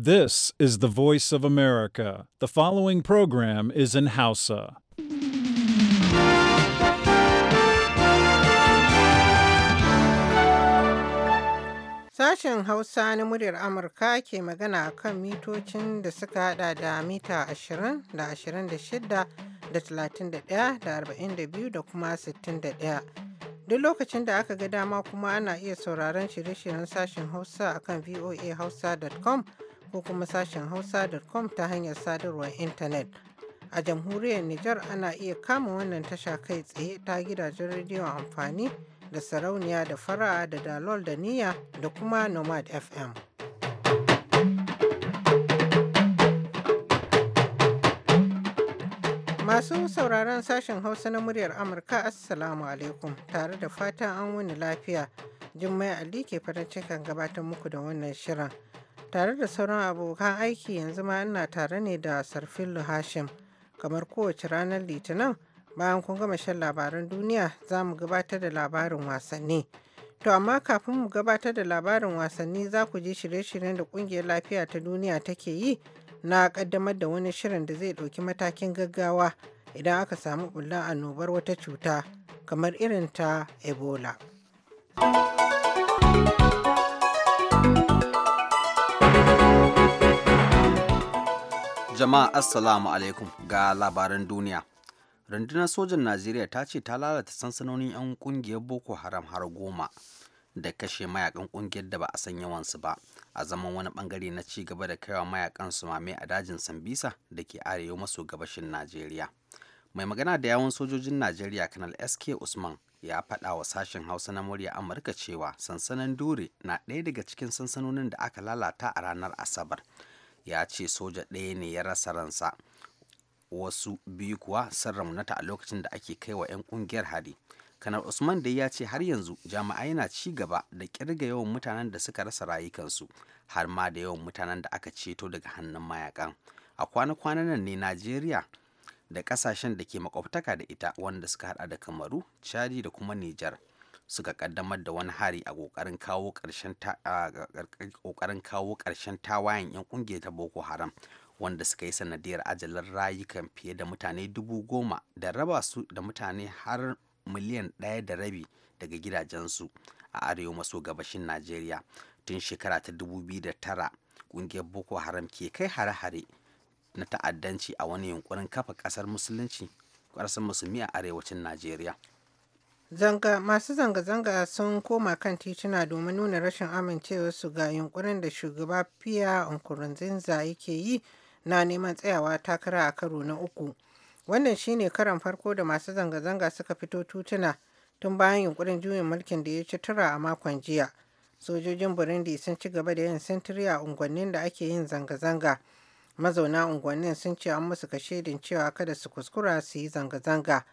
This is the voice of America. The following program is in Hausa. Sashen Hausa na muryar Amurka ke magana kan mitocin da suka hada da mita 20 da 26 da 31 da 42 da kuma 61. Duk lokacin da aka ga dama kuma ana iya sauraron shirye-shiryen sashen Hausa akan voahausa.com ko kuma sashen hausa.com ta hanyar sadarwar intanet. A jamhuriyar Nijar ana iya kama wannan tasha kai tsaye ta gidajen rediyon amfani da sarauniya da fara'a da dalol da niyya da kuma nomad FM. Masu sauraron sashen Hausa na muryar Amurka Assalamu alaikum tare da fatan an wuni lafiya. Jummai Ali ke farin cikin gabatar muku da wannan shirin. Tare da sauran abokan aiki yanzu ma ina tare ne da sarfin Hashim. Kamar kowace ranar Litinin bayan kun gama shan labaran duniya za mu gabatar da labarin wasanni. To amma kafin mu gabatar da labarin wasanni za ku ji shirye-shiryen da kungiyar lafiya ta duniya take yi na kaddamar da wani shirin da zai ɗauki matakin gaggawa idan aka samu bullar annobar wata cuta kamar irin ta Ebola. Jama'a Assalamu alaikum ga labaran duniya. Rundunar sojan Najeriya ta ce ta lalata sansanonin 'yan kungiyar Boko Haram har goma da kashe mayakan kungiyar da ba a san yawansu ba a zaman wani bangare na ci gaba da kaiwa mayakan su mame a dajin Sambisa da ke arewa maso gabashin Najeriya. Mai magana da yawon sojojin Najeriya Kanal SK Usman ya faɗa wa sashen Hausa na murya Amurka cewa sansanin Dure na ɗaya daga cikin sansanonin da aka lalata a ranar Asabar. ya ce soja ɗaya ne ya rasa ransa wasu biyu kuwa sun raunata a lokacin da ake kai wa 'yan kungiyar hari kanar usman dai ya ce har yanzu jama'a yana ci gaba da kirga yawan mutanen da suka rasa rayukansu har ma da yawan mutanen da aka ceto daga hannun mayakan a kwana kwana nan ne najeriya da kasashen da ke makwabtaka da ita wanda suka hada da kamaru chadi da kuma nijar suka kaddamar da wani hari a kokarin kawo ƙarshen tawayen 'yan kungiyar ta boko haram wanda suka yi sanadiyar ajalar rayukan fiye da mutane dubu goma da raba su da mutane har miliyan ɗaya da rabi daga gidajensu a arewa maso gabashin najeriya tun shekara ta da tara kungiyar boko haram ke kai hare-hare na ta'addanci a wani yunkurin kafa ƙasar musulunci ƙasar musulmi a arewacin najeriya Zanga masu zanga-zanga sun koma kan tituna domin nuna rashin amincewarsu ga yunkurin da shugaba Pia Nkurunziza yake yi na neman tsayawa takara a karo na uku. Wannan shine karan farko da masu zanga-zanga suka fito tutuna tun bayan yunkurin juyin mulkin da ya ci tura a makon jiya. Sojojin Burundi sun ci gaba da yin sintiri a unguwannin da ake yin zanga-zanga. Mazauna unguwannin sun ce an musu kashe cewa kada su kuskura su yi zanga-zanga.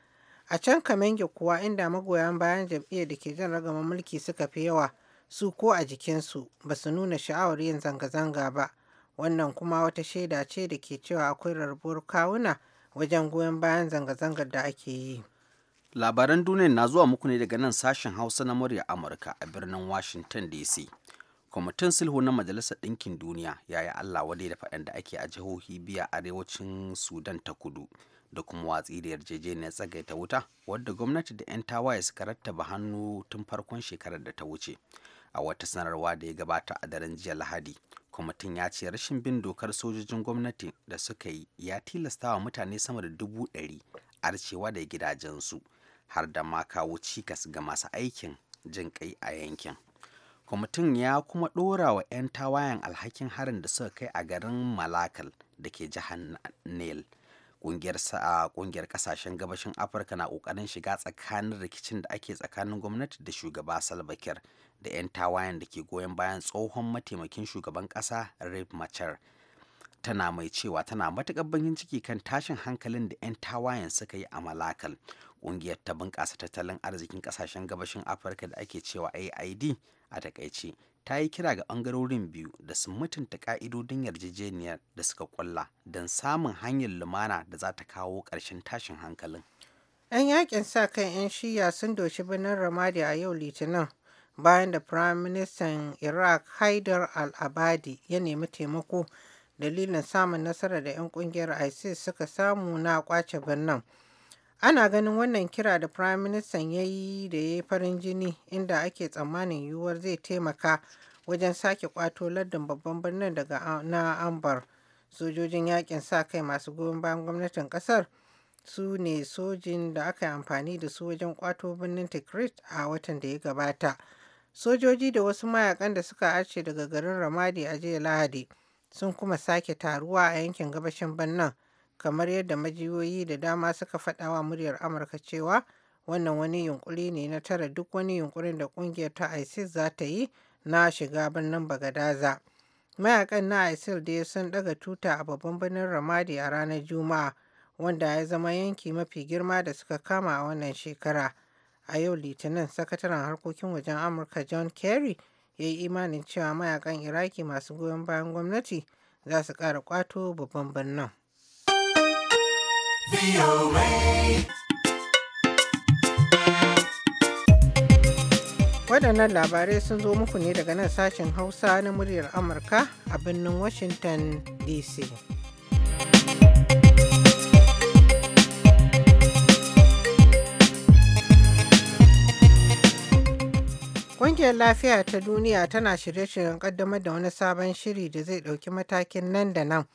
A can Kamenge kuwa inda magoyan bayan jam'iyyar da ke jan ragama mulki suka fi yawa su ko a jikinsu ba su nuna sha'awar yin zanga-zanga ba. Wannan kuma wata shaida ce da ke cewa akwai rarrabuwar kawuna wajen goyon bayan zanga-zangar da ake yi. Labaran duniya na zuwa muku ne daga nan sashen Hausa na murya Amurka a birnin Washington DC. kwamitin sulhu na majalisar ɗinkin duniya ya yi allah wadai da faɗan da ake a jihohi biya arewacin sudan ta kudu da kuma watsi da yarjejeniyar ta wuta wadda gwamnati da 'yan tawaye suka rattaba hannu tun farkon shekarar da ta wuce a wata sanarwa da ya gabata a daren jiya lahadi kwamitin ya ce rashin bin dokar sojojin gwamnati da suka yi ya tilasta wa mutane sama da dubu ɗari arcewa da gidajensu har da ma kawo cikas ga masu aikin jin kai a yankin kwamitin ya kuma ɗora wa 'yan tawayen alhakin harin da suka kai a garin malakal da ke jihar nil kungiyar kasashen gabashin afirka na ƙoƙarin shiga tsakanin rikicin da ake tsakanin gwamnati da shugaba salva da 'yan tawayen da ke goyon bayan tsohon mataimakin shugaban ƙasa rip machar tana mai cewa tana matuƙar bangin ciki kan tashin hankalin da 'yan tawayen suka yi a malakal ƙungiyar ta bunƙasa tattalin arzikin ƙasashen gabashin afirka da ake cewa aid a takaice ta yi kira ga ɓangarorin biyu da su mutunta ƙa'idodin yarjejeniyar da suka kulla don samun hanyar lumana da za ta kawo ƙarshen tashin hankalin 'yan yakin sa kan 'yan shiya sun doshi birnin ramadi a yau litinin bayan da prime minister iraq haidar al-abadi ya nemi taimako dalilin samun nasara da 'yan kungiyar isis suka samu na kwace birnin Ana ganin wannan kira da Firaministan ya yi da ya yi farin jini inda ake tsammanin yiwuwar zai taimaka wajen sake kwato lardin babban birnin daga ah, na Ambar. Sojojin yakin sa kai masu goyon bayan gwamnatin ƙasar su ne sojin da aka yi amfani da su wajen kwato birnin Tikrit a watan da ya gabata. Sojoji da wasu mayakan da suka arce daga garin Ramadi a jiya Lahadi sun kuma sake taruwa a yankin gabashin birnin kamar yadda majiyoyi da dama suka faɗa wa muryar amurka cewa wannan wani yunkuri ne na tara duk wani yunkurin da kungiyar ta isis za ta yi na shiga birnin bagadaza mayakan na isil da ya sun daga tuta a babban birnin ramadi a ranar juma'a wanda ya zama yanki mafi girma da suka kama a wannan shekara a yau litinin sakataren harkokin wajen amurka john kerry ya yi imanin cewa mayakan iraki masu goyon bayan gwamnati za su ƙara kwato babban birnin. waɗannan labarai sun zo muku ne daga nan sashen hausa na muryar amurka a birnin washington dc Ƙungiyar Lafiya ta Duniya tana shirye-shiryen ƙaddamar da wani sabon shiri da zai ɗauki matakin nan da nan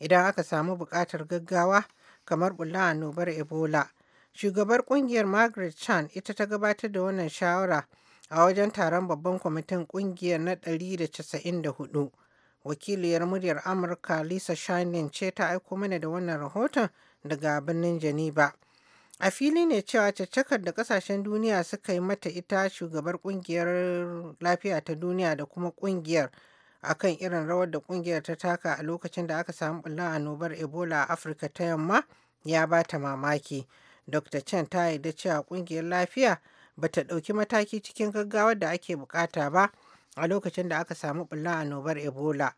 idan aka samu buƙatar gaggawa kamar bula annobar Ebola. Shugabar kungiyar Margaret Chan ita ta gabatar da wannan shawara a wajen taron babban kwamitin kungiyar na 194. Wakiliyar muryar Amurka Lisa Shining ce ta aiko mana da wannan rahoton daga birnin Geneva. A fili ne cewa caccakar da kasashen duniya suka yi mata ita shugabar kungiyar lafiya ta duniya da kuma kungiyar akan irin rawar da kungiyar ta taka a lokacin da aka samu bulla annobar Ebola a Afirka ta yamma ya ba ta mamaki. Dr. Chen ta yarda cewa kungiyar lafiya ba ta ɗauki mataki cikin gaggawa da ake bukata ba a lokacin da aka samu bulla annobar Ebola.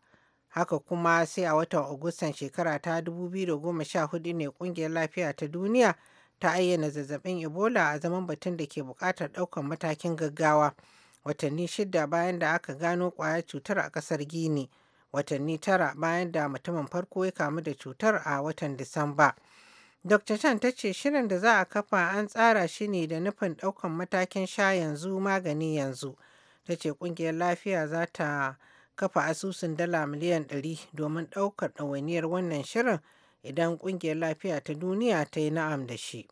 Haka kuma sai a watan Agustan shekara ta 2014 ne kungiyar lafiya ta duniya ta ayyana zazzabin Ebola a zaman batun da ke bukatar ɗaukar matakin gaggawa. watanni shida bayan da aka gano kwayar cutar a ƙasar Gini, watanni tara bayan da mutumin farko ya kamu da cutar a watan Disamba. Dr. Chan ta ce shirin da za a kafa an tsara shi ne da nufin ɗaukan matakin sha yanzu magani yanzu. Ta ce ƙungiyar lafiya za ta kafa asusun dala miliyan 100 domin ɗaukar ɗawainiyar wannan shirin idan ƙungiyar lafiya ta duniya ta yi na'am da shi.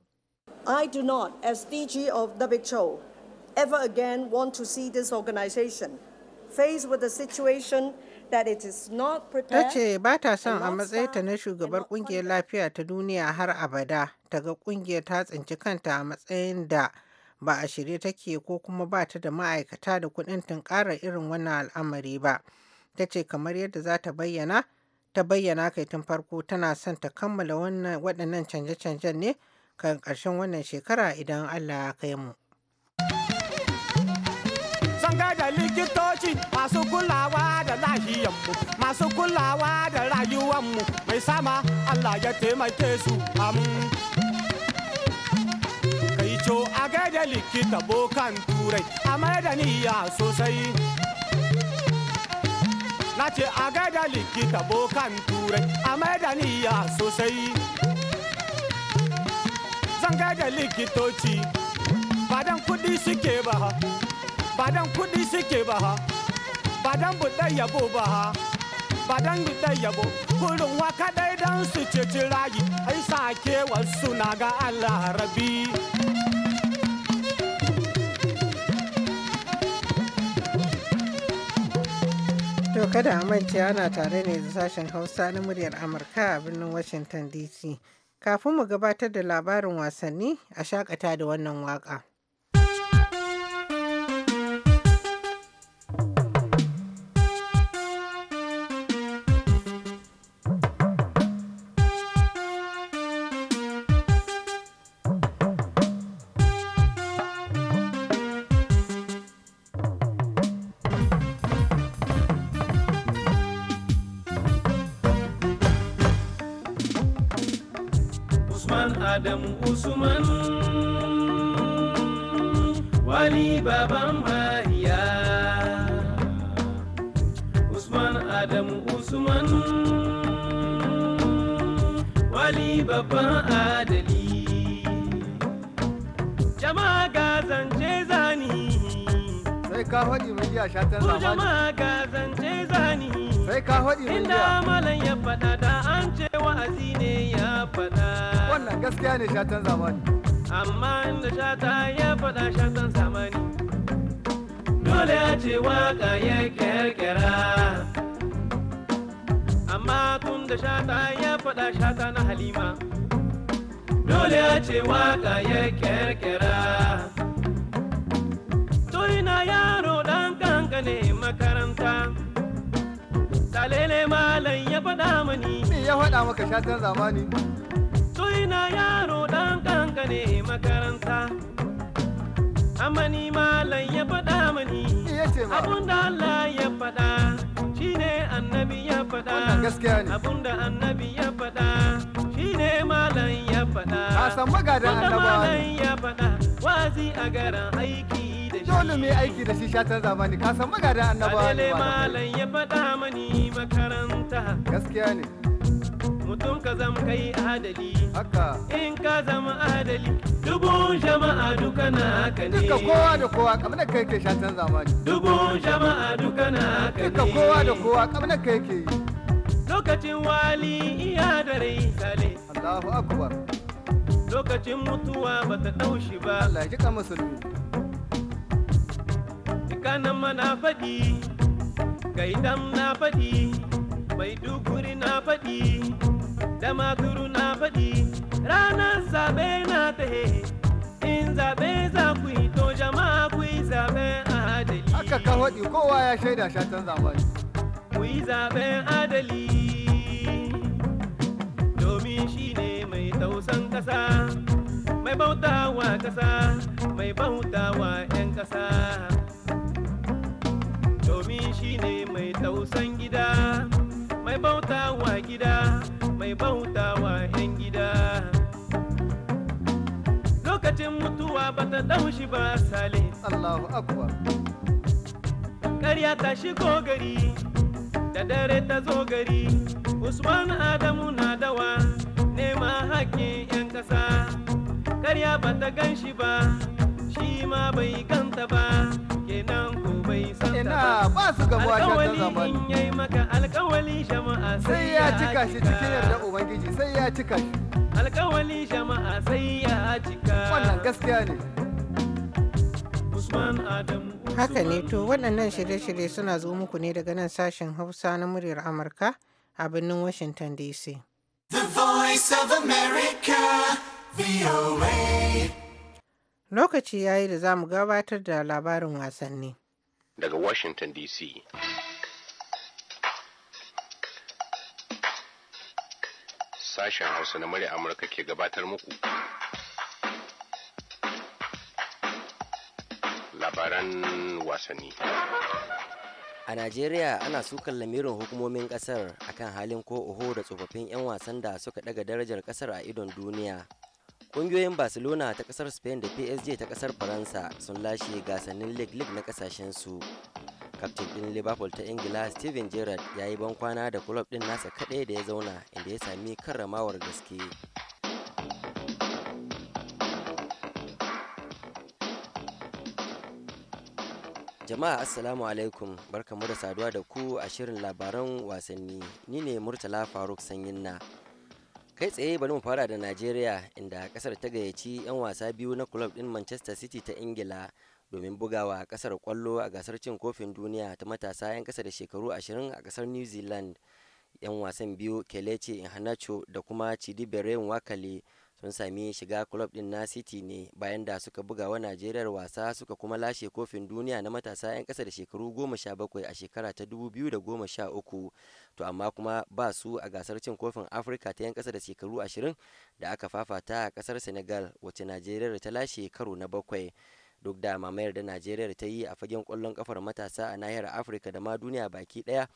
I do not, as DG of WHO, ever again want to see this organization faced with a situation that it not prepared. Ta ce ba ta son a matsayinta na shugabar kungiyar lafiya ta duniya har abada ta ga kungiyar ta tsinci kanta a matsayin da ba a shirye take ko kuma ba ta da ma'aikata da kudin tunkarar irin wannan al'amari ba. Ta ce kamar yadda za ta bayyana, ta bayyana kai tun farko tana son ta kammala waɗannan canje-canjen ne kan ƙarshen wannan shekara idan Allah ya kai mu. masu kulawa da lahiyanmu masu kulawa da rayuwanmu mai sama Allah ya taimake su am kai co a gaida likita bokan turai a madaniya da sosai na ce a gaida likita bokan turai a madaniya da sosai zan gaida likitoci badan kudi suke ba ha badan kudi suke ba ha ba dan yabo ba ha ba dan buɗe yabo kurin wa dai dan su ceci rayi ai sake wa na ga Allah rabi To kada a manta ana tare ne da sashen Hausa na muryar Amurka a birnin Washington DC. Kafin mu gabatar da labarin wasanni a shakata da wannan waka. faɗa da an ce wa'azi ne ya faɗa. Wannan gaskiya ne shatan zamani. Amma inda shata ya faɗa shatan zamani. Dole ya ce waka ya kyarkyara. Amma tun da shata ya faɗa shata na halima. Dole ya ce waka ya kyarkyara. Tun ina yaro ɗan ne makaranta. alele malam ya faɗa mani me ya faɗa maka shatan zamani na yaro ɗan kankane makaranta amma ni malam ya faɗa mani abunda Allah ya faɗa shine annabi ya faɗa abunda annabi ya faɗa shine malam ya faɗa Ka san magadan annabawa malam ya faɗa wazi a garan aiki dole mai aiki da shi shatan zamani ka san magada annabawa ne malam ya faɗa mani makaranta gaskiya ne mutum ka zama kai adali haka in ka zama adali dubu jama'a duka na haka ne duka kowa da kowa kamar kai ke shatan zamani dubu jama'a duka na haka ne duka kowa da kowa kamar kai ke yi lokacin wali iya da rai sale Allahu akbar lokacin mutuwa bata daushi ba Allah ya jika musulmi kanan na faɗi gaidam na faɗi mai duguri na faɗi damaturu na faɗi ranar zaɓe na tahe in zaɓe za ku yi to jama'a ku yi zaɓen adali haka ka faɗi kowa ya shaida shatan ku yi adali domin shi ne mai tausan ƙasa mai bautawa ƙasa mai bautawa da ɗaushi ba sale. Allahu akbar. Ƙarya ta gari, da dare ta zo gari, Usman Adamu na dawa, nema haƙƙin 'yan ƙasa. Ƙarya ba ta gan shi ba, shi ma bai ganta ba, kenan ko bai san Ina ba su gabuwa ta yi maka jama'a sai ya cika shi cikin yarda Ubangiji sai ya cika shi. alkawali jama'a sai ya cika wannan gaskiya ne Haka ne to waɗannan shirye-shirye suna zo muku ne daga nan sashen Hausa na muryar Amurka a birnin Washington DC. The Voice of Lokaci yayi da za mu gabatar da labarin wasanni. Daga Washington DC. Sashen Hausa na muryar Amurka ke gabatar muku. labaran wasanni. A Najeriya ana sukan lamirin hukumomin kasar akan halin ko oho da tsofaffin 'yan wasan da suka daga darajar kasar a idon duniya. Ƙungiyoyin Barcelona ta kasar Spain da PSG ta kasar Faransa sun lashe gasannin League League na su. Kaftin ɗin Liverpool ta Ingila Steven Gerrard ya yi bankwana da kulob ɗin nasa kaɗai da ya zauna inda ya sami karramawar gaske. Jama'a Assalamu alaikum barkamu da saduwa da ku a shirin labaran wasanni ni ne Murtala Faruk na Kai tsaye bari mu fara da Najeriya inda kasar ta gayyaci 'yan wasa biyu na kulob din Manchester City ta Ingila domin bugawa kasar kwallo a gasar cin kofin duniya ta matasa 'yan kasa da shekaru ashirin a kasar New Zealand. 'Yan wasan biyu Kelechi inhanacho da kuma Chidibere wakale sun sami shiga club din na city ne bayan da suka buga wa najeriyar wasa suka kuma lashe kofin duniya na matasa 'yan kasa da shekaru 17 a shekara ta 2013 to amma kuma ba su a gasar cin kofin afirka ta 'yan kasa da shekaru 20 da aka fafata a kasar senegal wacce najeriyar ta lashe karo na bakwai duk da mamayar da najeriyar ta yi a fagen kwallon kafar matasa a nahiyar afirka da ma duniya baki ɗaya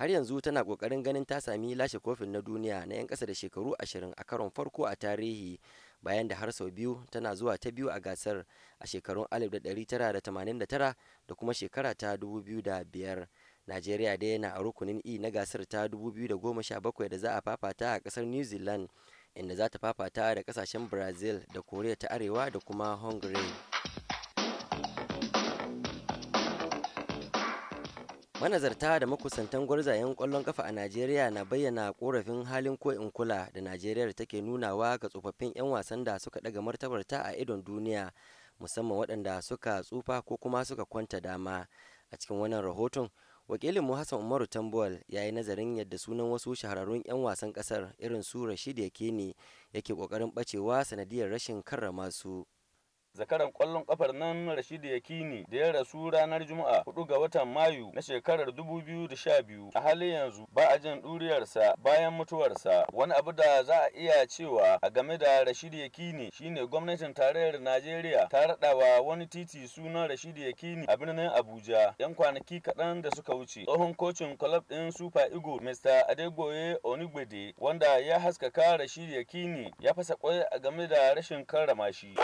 har yanzu tana kokarin ganin ta sami lashe kofin na duniya na 'yan kasa da shekaru ashirin a karon farko a tarihi bayan da har sau biyu tana zuwa ta biyu a gasar a shekarun 1989 da kuma shekara ta 2005 najeriya da yana a rukunin e na gasar ta 2017 da za a fafata a kasar new zealand inda za ta fafata da kasashen brazil da koriya ta arewa da kuma hungary manazarta da makusantan gwarzayen kwallon kafa a najeriya na bayyana korafin halin ko'in kula da najeriya take nunawa ga tsofaffin 'yan wasan da suka daga martabarta a idon duniya musamman waɗanda suka tsufa ko kuma suka kwanta dama a cikin wannan rahoton wakilin mu hassan umaru tambuwal ya yi nazarin yadda sunan wasu shahararrun 'yan wasan ƙasar irin su rashid ya yake ƙoƙarin bacewa sanadiyar rashin karrama su zakaran kwallon kafar nan Rashidu Yakini da ya rasu ranar Juma'a 4 ga watan Mayu na shekarar 2012 a halin yanzu ba a jin duriyarsa bayan mutuwarsa wani abu da za a iya cewa a game da Rashidu Yakini shine gwamnatin tarayyar Najeriya ta raɗawa wani titi sunan Rashidu Yakini a birnin Abuja yan kwanaki kaɗan da suka wuce tsohon kocin club ɗin Super Eagles Mr. Adegoye Onigbede wanda ya haskaka Rashidu Yakini ya fasa kwai a game da rashin karrama shi.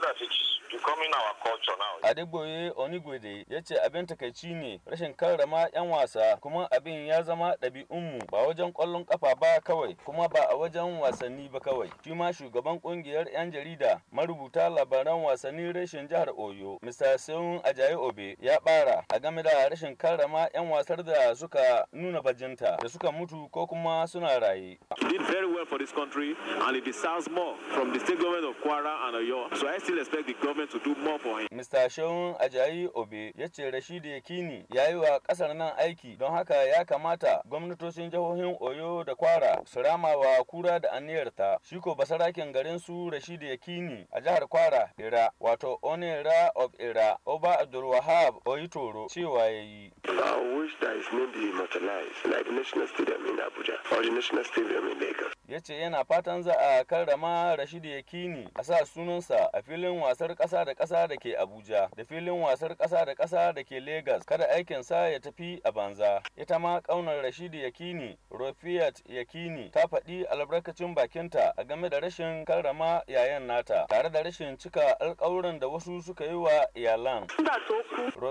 pedaços. becoming our culture Adegboye Onigwede ya ce abin takaici ne rashin karrama 'yan wasa kuma abin ya zama ɗabi'un mu ba wajen ƙwallon ƙafa ba kawai kuma ba a wajen wasanni ba kawai. Shi ma shugaban ƙungiyar 'yan jarida marubuta labaran wasanni rashin jihar Oyo Mr. Seun Ajayi Obe ya ɓara a game da rashin karrama 'yan wasar da suka nuna bajinta da suka mutu ko kuma suna raye. did very well for this country and it deserves more from the state government of Kwara and Oyo so I still expect the government government to do more for him. Mr. Shehun Ajayi Obe ya ce Rashidi Yakini ya yi wa kasar nan aiki don haka ya kamata gwamnatocin jihohin Oyo da Kwara su rama wa kura da aniyarta. Shi ko basarakin garin su Rashidi Yakini a jihar Kwara Ira wato Onera of Ira Oba Abdul Wahab Oyitoro cewa ya yi. I wish that his name be immortalized like the National Stadium in Abuja or the National Stadium in Lagos. ya ce yana fatan za a karrama Rashid Yakini a sa sunansa a filin wasar ƙasa da ƙasa da ke Abuja da filin wasar ƙasa da ƙasa da ke Legas kada aikinsa ya tafi a banza. Ita ma ƙaunar Rashid Yakini, Rofiyat Yakini ta faɗi albarkacin bakinta a game da rashin karrama yayan nata tare da rashin cika alƙawuran da wasu suka yi wa iyalan.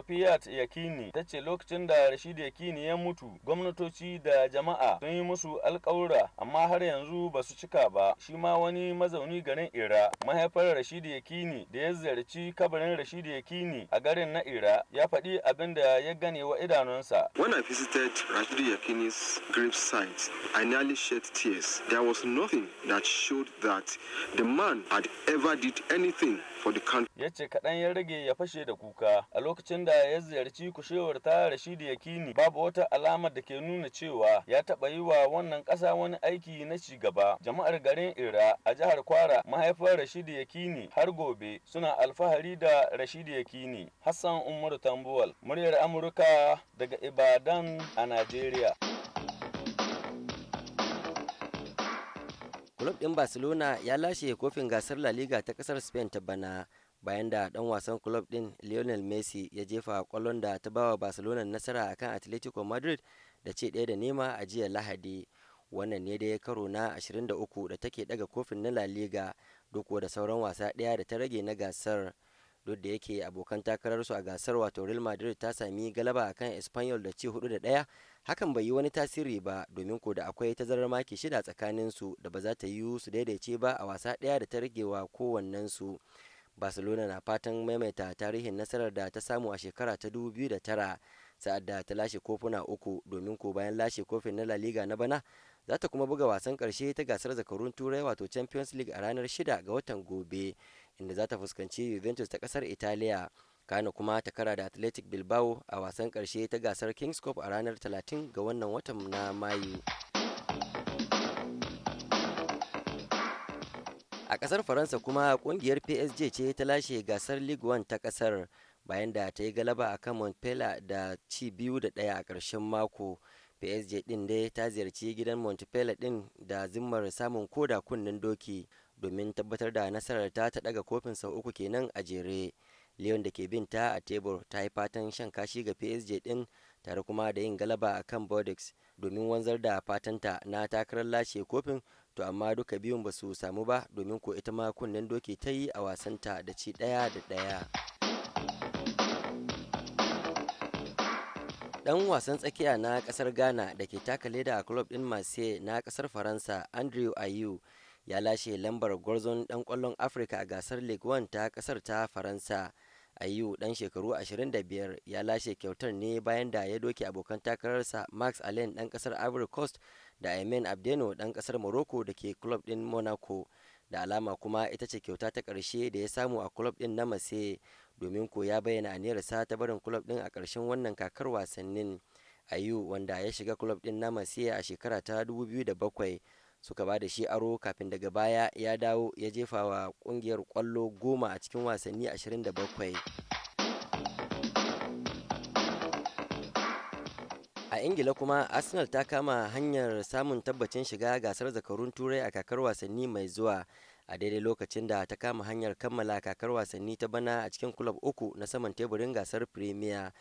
ya Yakini ta ce lokacin da Rashid Yakini ya mutu gwamnatoci da jama'a sun yi musu alƙawura amma har yanzu yanzu ba su cika ba shi ma wani mazauni garin ira mahaifar ya yakini da ya ziyarci kabarin ya yakini a garin na ira ya faɗi abin da ya gane wa idanunsa when i visited rashidu yakini's site, i nearly shed tears there was nothing that showed that the man had ever did anything for the country ya ce kaɗan ya rage ya fashe da kuka a lokacin da ya ziyarci kushewar ta ya yakini babu wata alamar da ke nuna cewa ya taɓa yi wa wannan ƙasa wani aiki na ci gaba jama'ar garin ira a jihar kwara mahaifar rashidi yakini har gobe suna alfahari da rashidi yakini hassan umaru tambuwal muryar amurka daga ibadan a najeriya Club ɗin Barcelona ya lashe kofin gasar La Liga ta ƙasar Spain ta bana bayan da ɗan wasan club ɗin Lionel Messi ya jefa kwallon da ta bawa Barcelona nasara akan Atletico Madrid da ce ɗaya da nema a jiya Lahadi. wannan ne dai karo na 23 da take daga kofin na La Liga duk da sauran wasa ɗaya da ta rage na gasar duk da yake abokan takarar su a gasar wato Real Madrid ta sami galaba akan Espanyol da ci hudu da ɗaya hakan bai yi wani tasiri ba domin ko da akwai tazarar maki shida tsakanin su da ba za ta yi su daidaice ba a wasa ɗaya da ta rage wa kowannen su Barcelona na fatan maimaita tarihin nasarar da ta samu a shekara ta 2009 sa'ad da ta lashe kofuna uku domin ko bayan lashe kofin na La na bana za ta kuma buga wasan karshe ta gasar zakarun turai wato champions league a ranar 6 ga watan gobe inda za ta fuskanci juventus ta kasar italiya kano kuma ta kara da athletic bilbao a wasan karshe ta gasar kings cup a ranar 30 ga wannan watan na mayu a kasar faransa kuma kungiyar psg ce ta lashe gasar league one ta kasar bayan da ta yi galaba a kan montpellier da ci biyu da daya a karshen mako PSG din dai ta ziyarci gidan Montpellier din da zimmar samun koda kunnen doki domin tabbatar da nasarar ta ta daga kofin sau uku kenan a jere. Leon da ke bin ta a tebur ta yi fatan shan kashi ga PSG din tare kuma da yin galaba a kan Bordeaux domin wanzar da fatanta na takarar lashe kofin to amma duka biyun ba su samu ba domin ko ita ma kunnen doki ta yi a wasanta da ci daya da daya. dan wasan tsakiya na kasar ghana da ke taka leda a club din marseille na kasar faransa andrew ayew ya lashe lambar gwarzon dan kwallon afirka a gasar league one ta kasar ta faransa ayew dan shekaru 25 ya lashe kyautar ne bayan da ya doke abokan takararsa max allen dan kasar ivory coast da aimen abdeno dan kasar morocco da ke club din monaco da alama kuma ita ce kyauta ta ƙarshe da ya samu a kulob ɗin na mase domin ko ya bayyana aniyarsa ta barin kulob din a ƙarshen wannan kakar wasannin ayu wanda ya shiga kulob ɗin na mase a shekara ta 2007 suka ba da shi aro kafin daga baya ya dawo ya jefa wa ƙungiyar ƙwallo goma a cikin wasanni 27 a ingila kuma arsenal ta kama hanyar samun tabbacin shiga gasar zakarun turai a kakar wasanni mai zuwa a daidai lokacin da ta kama hanyar kammala kakar wasanni ta bana a cikin kulab uku na saman teburin gasar premier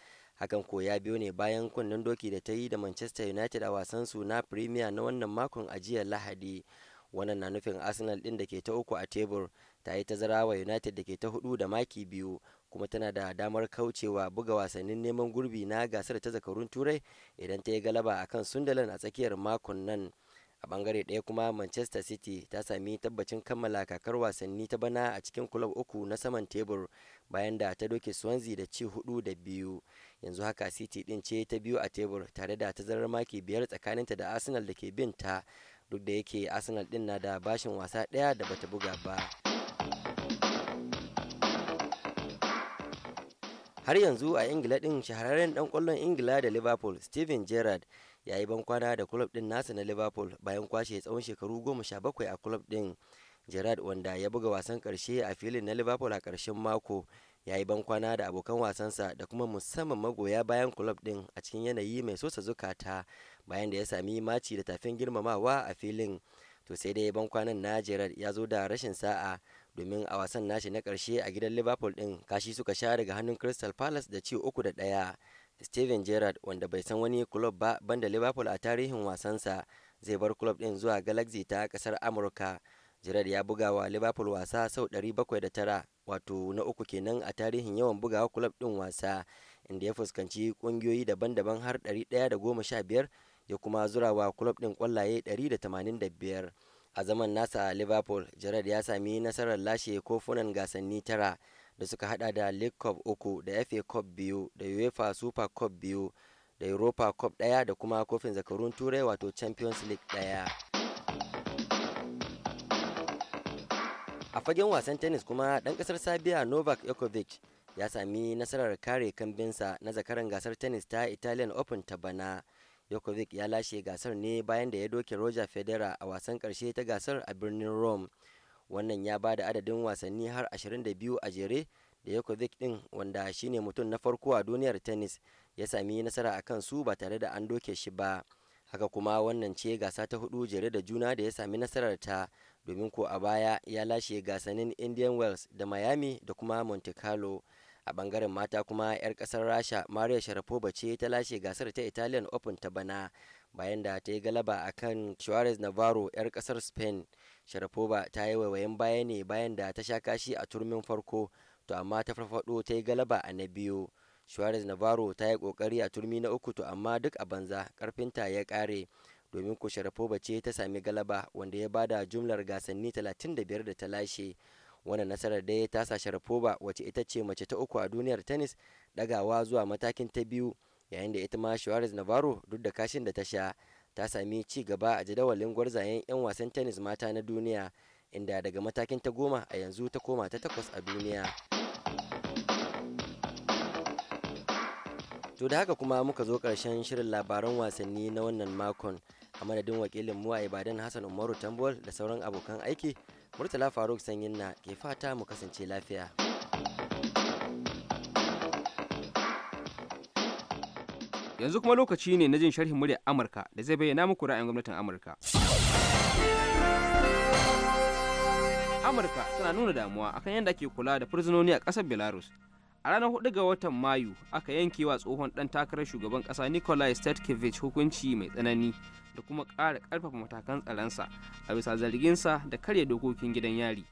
hakan ko ya biyo ne bayan kunnen doki da ta yi da manchester united a wasan su na premier na wannan makon a lahadi wannan na nufin arsenal din da ke ta uku a tebur ta yi tazara wa united da ke ta hudu da maki biyu kuma tana da damar kaucewa buga wasannin neman gurbi na gasar ta zakarun turai idan ta yi galaba a kan sundalan a tsakiyar makon nan a bangare ɗaya kuma manchester city ta sami tabbacin kammala kakar wasanni ta bana a cikin kulob uku na saman tebur bayan da ta doke swansea da ci hudu da biyu yanzu haka city din ce ta biyu a tebur tare da tazarar maki biyar tsakaninta da arsenal da ke bin ta duk da yake arsenal din na da bashin wasa ɗaya da bata buga ba har yanzu a ingila din shahararren dan kwallon ingila da liverpool steven gerrard ya yi bankwana da kulob din nasa na liverpool bayan kwashe tsawon shekaru goma sha bakwai a kulob din gerrard wanda ya buga wasan karshe a filin na liverpool a karshen mako ya yi bankwana da abokan wasansa da kuma musamman magoya bayan kulob din a cikin yanayi mai sosa zukata bayan da ya sami maci da tafin girmamawa a filin to sai dai bankwanan na gerrard ya zo da rashin sa'a domin a wasan nashi na karshe a gidan liverpool din kashi suka sha daga hannun crystal palace da ci uku da ɗaya steven gerrard wanda bai san wani club ba banda liverpool a tarihin wasansa zai bar club ɗin zuwa galaxy ta ƙasar amurka gerrard ya buga wa liverpool wasa sau 709 wato na uku kenan a tarihin yawan bugawa club ɗin wasa inda ya fuskanci ƙungiyoyi daban-daban har da goma sha biyar, ya kuma zurawa club ɗin kwallaye 185 a zaman nasa a liverpool gerard ya sami nasarar lashe kofunan gasanni tara da suka hada da league cup uku da fa cup biyu da uefa super cup biyu da europa cup daya da kuma kofin zakarun turai wato champions league daya a fagen wasan tennis kuma dan kasar Sabia novak yakovic ya sami nasarar kare kambinsa na zakaran gasar tennis ta italian open ta bana Djokovic ya lashe gasar ne bayan da ya doke Roger Federer a wasan karshe ta gasar a birnin Rome. Wannan ya ba da adadin wasanni har 22 a jere da Djokovic din wanda shine mutum na farko a duniyar tennis ya sami nasara a kan su ba tare da an doke shi ba. Haka kuma wannan ce gasa ta hudu jere da juna da ya sami nasarar ta domin ko a baya ya lashe gasanin Indian Wells da Miami da kuma Monte Carlo. a bangaren mata kuma 'yar kasar rasha maria sharapova ce ta lashe gasar ta italian open ta bana bayan da ta yi galaba a kan Suarez Navarro 'yar kasar Spain. Sharapova ta yi waiwayen baya ne bayan da ta sha kashi a turmin farko, to amma ta farfado ta yi galaba a na biyu. Suarez Navarro ta yi kokari a turmi na uku to amma duk a banza karfinta ya kare. Domin ko Sharapova ce ta sami galaba wanda ya bada jumlar gasanni 35 da ta lashe. wannan nasarar dai ta tasa sharapova wacce ita ce mace ta uku a duniyar tennis dagawa zuwa matakin ta biyu yayin da ita ma shawarar Navarro duk da kashin da ta sha ta sami ci gaba a jadawalin gwarzayen 'yan wasan tennis mata na duniya inda daga matakin ta goma a yanzu ta koma ta takwas a duniya. To da haka kuma muka zo karshen shirin labaran wasanni na wannan makon a madadin wakilin mu a Ibadan Hassan Umaru Tambol da sauran abokan aiki Murtala Faruk Sanyin na ke fata mu kasance lafiya. Yanzu kuma lokaci ne na jin sharhin muryar Amurka da zai bayyana muku ra'ayin gwamnatin Amurka. Amurka tana nuna damuwa akan yadda ake kula da fursunoni a ƙasar Belarus a ranar 4 ga watan mayu aka yanke wa tsohon dan takarar shugaban kasa nikolai stetkevich hukunci mai tsanani da kuma ƙara ƙarfafa matakan tsaronsa a bisa zarginsa da karya dokokin gidan yari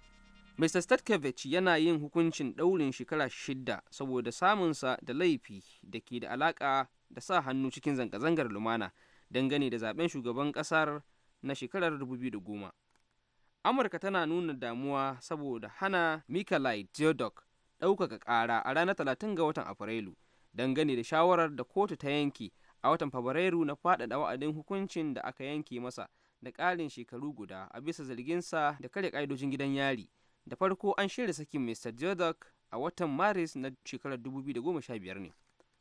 mr stetkevich yana yin hukuncin ɗaurin shekara shida saboda samunsa da laifi da ke da alaƙa da sa hannu cikin zanga-zangar lumana dangane da zaben shugaban ƙasar na shekarar 2010 amurka tana nuna damuwa saboda hana mikalai theodore ɗaukaka ƙara a ranar talatin ga watan Afrilu dangane da shawarar da kotu ta yanke a watan Fabrairu na faɗaɗa wa'adin hukuncin da aka yanke masa da ƙarin shekaru guda a bisa zarginsa da kare ƙa'idojin gidan yari. Da farko an shirya sakin Mr. jodok a watan Maris na shekarar 2015 ne.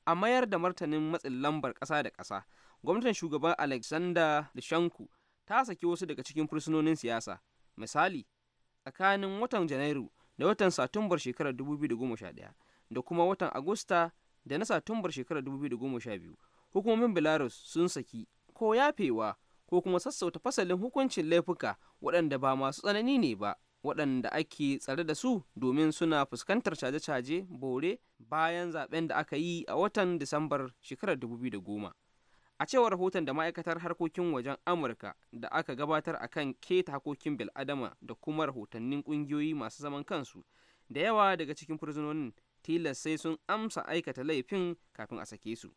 A mayar da martanin matsin lambar ƙasa da ƙasa, gwamnatin shugaban Alexander shanku ta saki wasu daga cikin fursunonin siyasa. Misali, tsakanin watan Janairu da watan satumbar shekarar 2011 da kuma watan agusta da na satumbar shekarar 2012 hukumomin belarus sun saki ko yafewa ko kuma sassauta fasalin hukuncin laifuka waɗanda ba masu tsanani ne ba waɗanda ake tsare da su domin suna fuskantar caje-caje bore bayan zaben da aka yi a watan disambar shekarar 2010 a cewar rahoton da ma'aikatar harkokin wajen amurka da aka gabatar a kan keta hakokin bil'adama da kuma rahotannin ƙungiyoyi masu zaman kansu da yawa daga cikin fursunonin tilas sai sun amsa aikata laifin kafin a sake su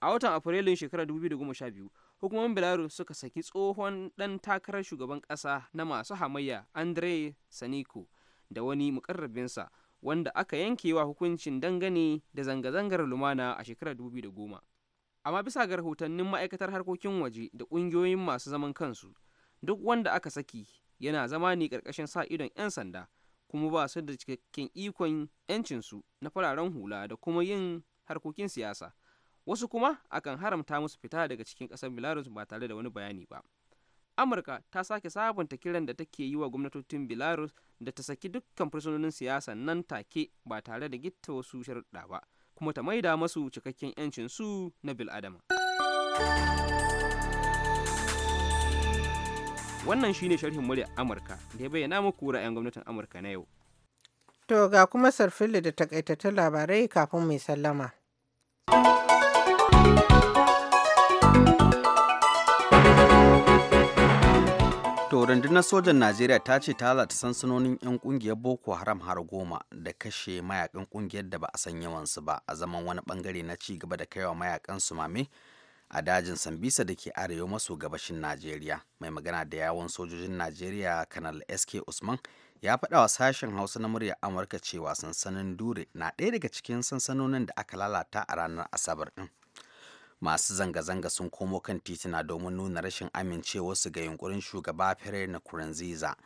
a watan afrilun shekarar 2012 hukumomin belarus suka saki tsohon ɗan takarar shugaban ƙasa na masu hamayya andre saniko da wani mukarrabinsa wanda aka yankewa hukuncin dangane da zanga-zangar lumana a shekarar 2010 amma bisa ga rahotannin ma'aikatar harkokin waje da ƙungiyoyin masu zaman kansu duk wanda aka saki yana zama ne ƙarƙashin sa idon 'yan sanda kuma ba su da cikakken ikon 'yancinsu na fararen hula da kuma yin harkokin siyasa wasu kuma akan haramta musu fita daga cikin ƙasar belarus ba tare da wani bayani ba amurka ta sake sabunta kiran da take yi wa gwamnatocin belarus da ta saki dukkan fursunonin siyasa nan take ba tare da gitta wasu sharuɗa ba kuma ta maida masu cikakken yancin su na bil'adama. Wannan shine sharhin murya Amurka da ya bayyana muku ra'ayin gwamnatin Amurka na yau. To ga kuma sarfili da takaitattun labarai kafin mai sallama. To rundunar sojan Najeriya ta ce ta lalata sansanonin 'yan kungiyar Boko Haram har goma da kashe mayakan kungiyar da ba a san yawansu ba a zaman wani bangare na ci gaba da kaiwa mayakan su mame a dajin Sambisa da ke arewa maso gabashin Najeriya. Mai magana da yawon sojojin Najeriya Kanal SK Usman ya faɗa wa sashen Hausa na muryar Amurka cewa sansanin Dure na ɗaya daga cikin sansanonin da aka lalata a ranar Asabar ɗin. masu zanga-zanga sun komo kan titina domin nuna rashin amincewarsu ga yunkurin shugaba Pierre Nkurunziza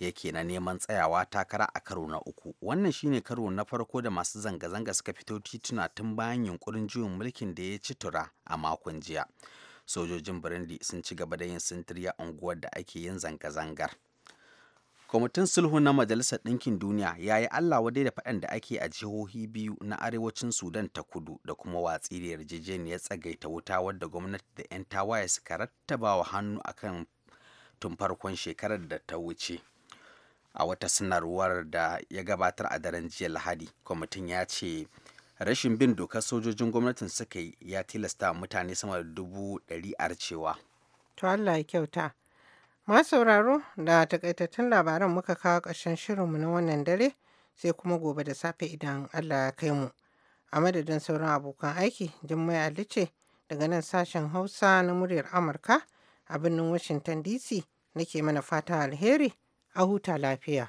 yake na neman tsayawa takara a karo na uku wannan shine karo na farko da masu zanga-zanga suka fito tituna tun bayan yunkurin juyin mulkin da ya ci tura a makon jiya sojojin burundi sun ci gaba da yin sintiri a unguwar da ake yin zanga-zangar kwamitin sulhu na majalisar ɗinkin duniya ya yi allah wadai da faɗan da ake a jihohi biyu na arewacin sudan ta kudu da kuma watsi da yarjejeniyar tsagaita wuta wadda gwamnati da 'yan tawaye suka rattaba wa hannu akan tun farkon shekarar da ta wuce a wata sanarwar da ya gabatar a daren jiya lahadi kwamitin ya ce rashin bin dokar sojojin gwamnatin suka yi ya tilasta mutane sama da dubu ɗari arcewa to allah ya kyauta Ma sauraro da takaitattun labaran muka kawo ƙarshen shirinmu na wannan dare sai kuma gobe da safe idan Allah ya kai mu. A madadin sauran abokan aiki, Jummai Ali ce daga nan sashen Hausa na muryar Amurka a birnin Washington DC nake mana fata alheri a huta lafiya.